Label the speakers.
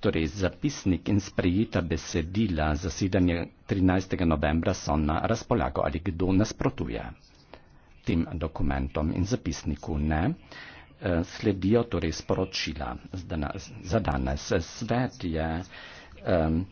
Speaker 1: Torej, zapisnik in sprejeta besedila zasedanja 13. novembra so na razpolago. Ali kdo nasprotuje tem dokumentom in zapisniku? Ne. E, sledijo torej sporočila za danes. Svet je.
Speaker 2: Um,